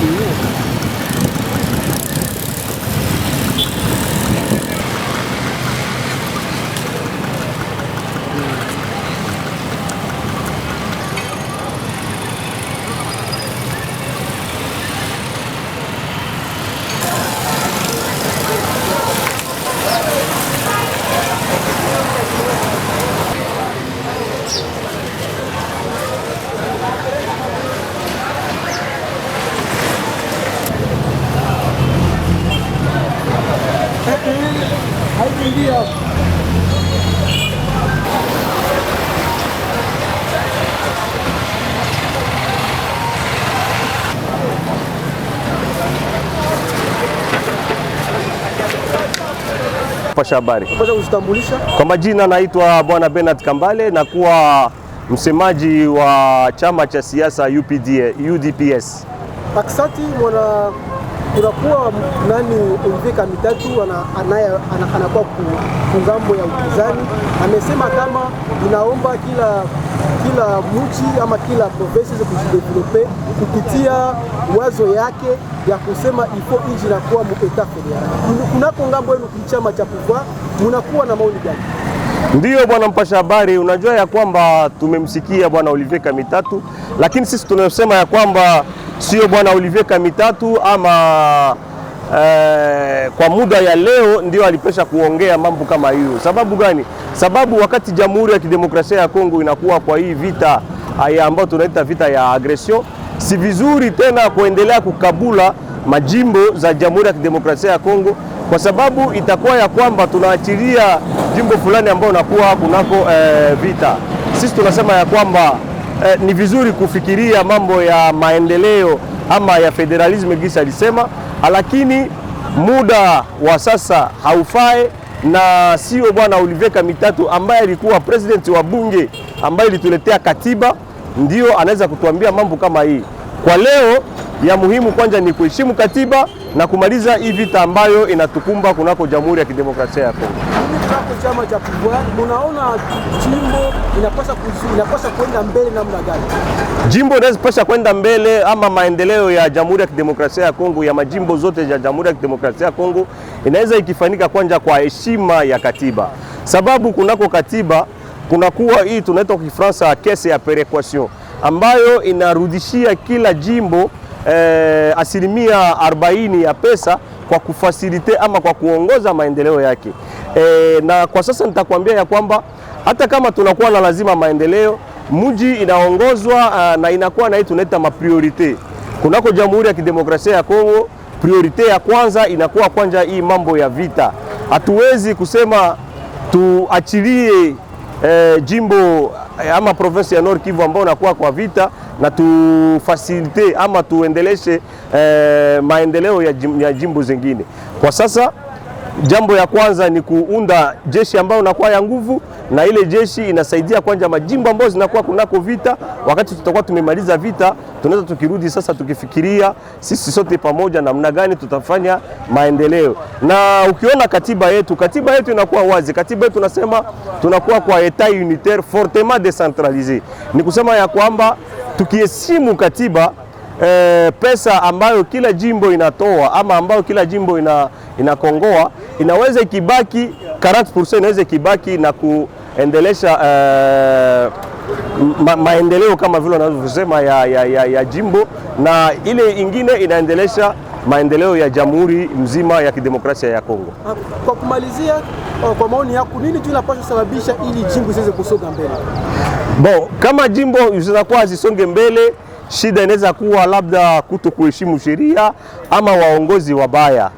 礼物 kupasha habari. Kwanza kujitambulisha. Kwa majina naitwa Bwana Bernard Kambale na kuwa msemaji wa chama cha siasa UPDA, UDPS. Paksati mwana tunakuwa nani mvika mitatu anakuwa kungambo ya upinzani, amesema kama inaomba kila kila mji ama kila province iweze kujidevelope kupitia wazo yake ya kusema ifo inji nakuwa mueta federal. Kunako ngambo yenu kichama cha pouvoir munakuwa na maoni gani? Ndiyo bwana mpasha habari, unajua ya kwamba tumemsikia bwana Olivier Kamitatu, lakini sisi tunasema ya kwamba sio bwana Olivier Kamitatu ama eh, kwa muda ya leo ndio alipesha kuongea mambo kama hiyo. Sababu gani? Sababu wakati Jamhuri ya Kidemokrasia ya Kongo inakuwa kwa hii vita eh, ambayo tunaita vita ya agression, si vizuri tena kuendelea kukabula majimbo za Jamhuri ya Kidemokrasia ya Kongo kwa sababu itakuwa ya kwamba tunaachilia jimbo fulani ambao unakuwa kunako eh, vita. Sisi tunasema ya kwamba eh, ni vizuri kufikiria mambo ya maendeleo ama ya federalism gisa alisema lakini muda wa sasa haufai, na sio bwana Olivier Kamitatu ambaye alikuwa president wa bunge ambaye ilituletea katiba ndio anaweza kutuambia mambo kama hii. Kwa leo ya muhimu kwanza ni kuheshimu katiba na kumaliza hii vita ambayo inatukumba kunako Jamhuri ya Kidemokrasia ya Kongo. Chama cha pouvoir, jimbo inapaswa inapaswa kwenda mbele namna gani? Jimbo inapaswa kwenda mbele ama maendeleo ya Jamhuri ya Kidemokrasia ya Kongo ya majimbo zote ya Jamhuri ya Kidemokrasia ya Kongo inaweza ikifanika kwanza kwa heshima ya katiba, sababu kunako katiba kunakuwa hii tunaitwa kwa Kifaransa kesi ya perequation ambayo inarudishia kila jimbo eh, asilimia arobaini ya pesa kwa kufasilite ama kwa kuongoza maendeleo yake. Eh, na kwa sasa nitakwambia ya kwamba hata kama tunakuwa na lazima maendeleo, mji inaongozwa eh, na inakuwa na hii tunaita mapriorite kunako Jamhuri ya Kidemokrasia ya Kongo. Priorite ya kwanza inakuwa kwanja hii mambo ya vita. Hatuwezi kusema tuachilie eh, jimbo Eh, ama province ya Nord Kivu ambao unakuwa kwa vita, na tufasilite ama tuendeleshe eh, maendeleo ya jimbo zingine kwa sasa Jambo ya kwanza ni kuunda jeshi ambayo inakuwa ya nguvu, na ile jeshi inasaidia kwanja majimbo ambayo zinakuwa kunako vita. Wakati tutakuwa tumemaliza vita, tunaweza tukirudi sasa tukifikiria sisi sote pamoja namna gani tutafanya maendeleo. Na ukiona katiba yetu, katiba yetu inakuwa wazi. Katiba yetu nasema tunakuwa kwa etat unitaire fortement decentralise, ni kusema ya kwamba tukiheshimu katiba e, pesa ambayo kila jimbo inatoa ama ambayo kila jimbo ina, inakongoa inaweza ikibaki 40% inaweza ikibaki na kuendelesha e, Ma, maendeleo kama vile wanavyosema ya, ya, ya, ya jimbo na ile ingine inaendelesha maendeleo ya jamhuri mzima ya kidemokrasia ya Kongo. Ah, kwa kumalizia, oh, kwa maoni yako, nini tu inapaswa sababisha ili jimbo isiweze kusonga mbele? Bo, kama jimbo zinakuwa zisonge mbele Shida inaweza kuwa labda kuto kuheshimu sheria ama waongozi wabaya.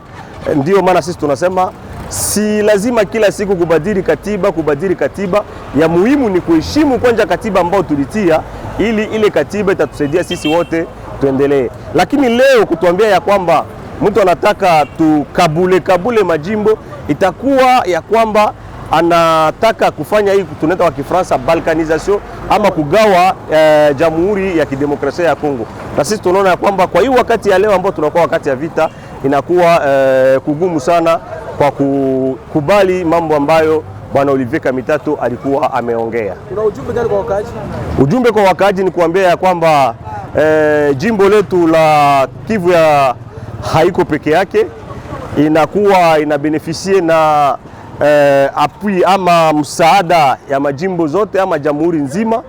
Eh, Ndiyo maana sisi tunasema si lazima kila siku kubadili katiba, kubadili katiba. Ya muhimu ni kuheshimu kwanza katiba ambayo tulitia, ili ile katiba itatusaidia sisi wote tuendelee. Lakini leo kutuambia ya kwamba mtu anataka tukabule kabule majimbo, itakuwa ya kwamba anataka kufanya hii tunaita kwa Kifaransa balkanisation ama kugawa e, Jamhuri ya Kidemokrasia ya Kongo, na sisi tunaona kwamba kwa hii wakati ya leo ambao tunakuwa wakati ya vita inakuwa e, kugumu sana kwa kukubali mambo ambayo Bwana Olivier Kamitatu alikuwa ameongea. Kuna ujumbe gani kwa wakaaji? Ujumbe kwa wakaaji ni kuambia ya kwamba e, jimbo letu la Kivu ya haiko peke yake, inakuwa inabenefisie na eh, apui ama msaada ya majimbo zote ama jamhuri nzima.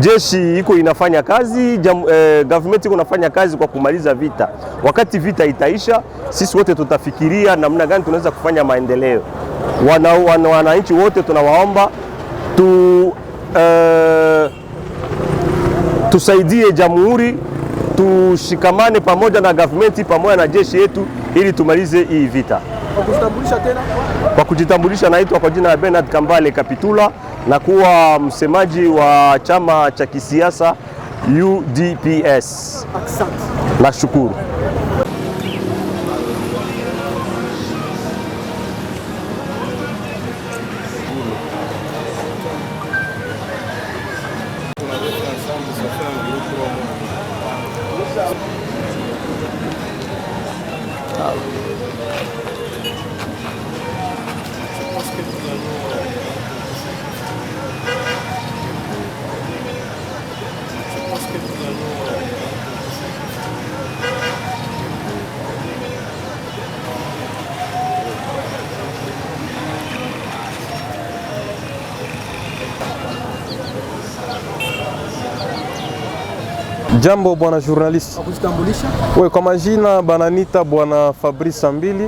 Jeshi iko inafanya kazi jam, eh, government iko inafanya kazi kwa kumaliza vita. Wakati vita itaisha, sisi wote tutafikiria namna gani tunaweza kufanya maendeleo. Wananchi wana, wana wote tunawaomba tu, eh, tusaidie jamhuri tushikamane pamoja na government pamoja na jeshi yetu ili tumalize hii vita. Kwa kujitambulisha, naitwa kwa jina la Bernard Kambale Kapitula na kuwa msemaji wa chama cha kisiasa UDPS. Nashukuru. Jambo bwana journalist. Kujitambulisha? We, kwa majina bananita bwana Fabrice Sambili.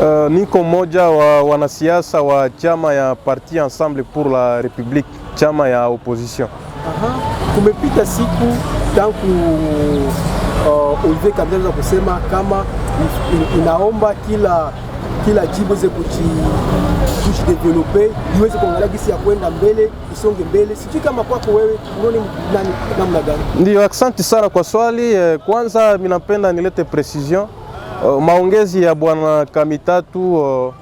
Uh, niko mmoja wa wanasiasa wa chama ya Parti Ensemble pour la République, chama ya opposition. Aha. Kumepita siku tangu uh, Olivier Kabila kusema kama inaomba kila kila jibu iweze kujidevelope, iweze kuangalia gisi ya kwenda mbele, isonge mbele. Sijui kama kwako wewe unaona namna gani? Ndio, asante sana kwa swali. Eh, kwanza mimi napenda nilete precision uh, maongezi ya bwana Kamitatu uh,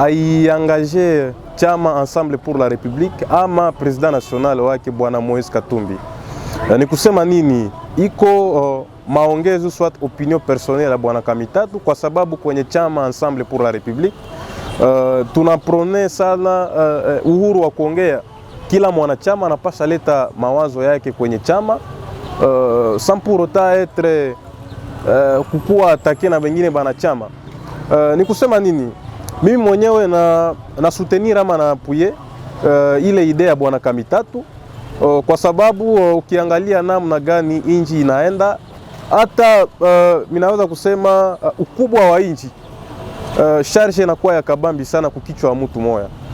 aiangaje chama Ensemble pour la République ama president national wake bwana Moise Katumbi. Uh, eh, ni kusema nini iko uh, maongezo soit opinion personnelle ya bwana Kamitatu, kwa sababu kwenye chama Ensemble pour la République uh, tunaprone sana uh, uhuru wa kuongea. Kila mwanachama anapasha leta mawazo yake kwenye chama uh, sans pour autant etre uh, kukuwa atake na wengine banachama. Uh, ni kusema nini, mimi mwenyewe na, na soutenir ama na apuye uh, ile idea ya bwana Kamitatu uh, kwa sababu uh, ukiangalia namna gani inji inaenda hata uh, minaweza kusema uh, ukubwa wa nchi uh, sharsha inakuwa ya kabambi sana kukichwa mtu moya.